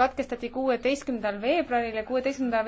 katkestati kuueteistkümnendal veebruaril ja kuueteistkümnenda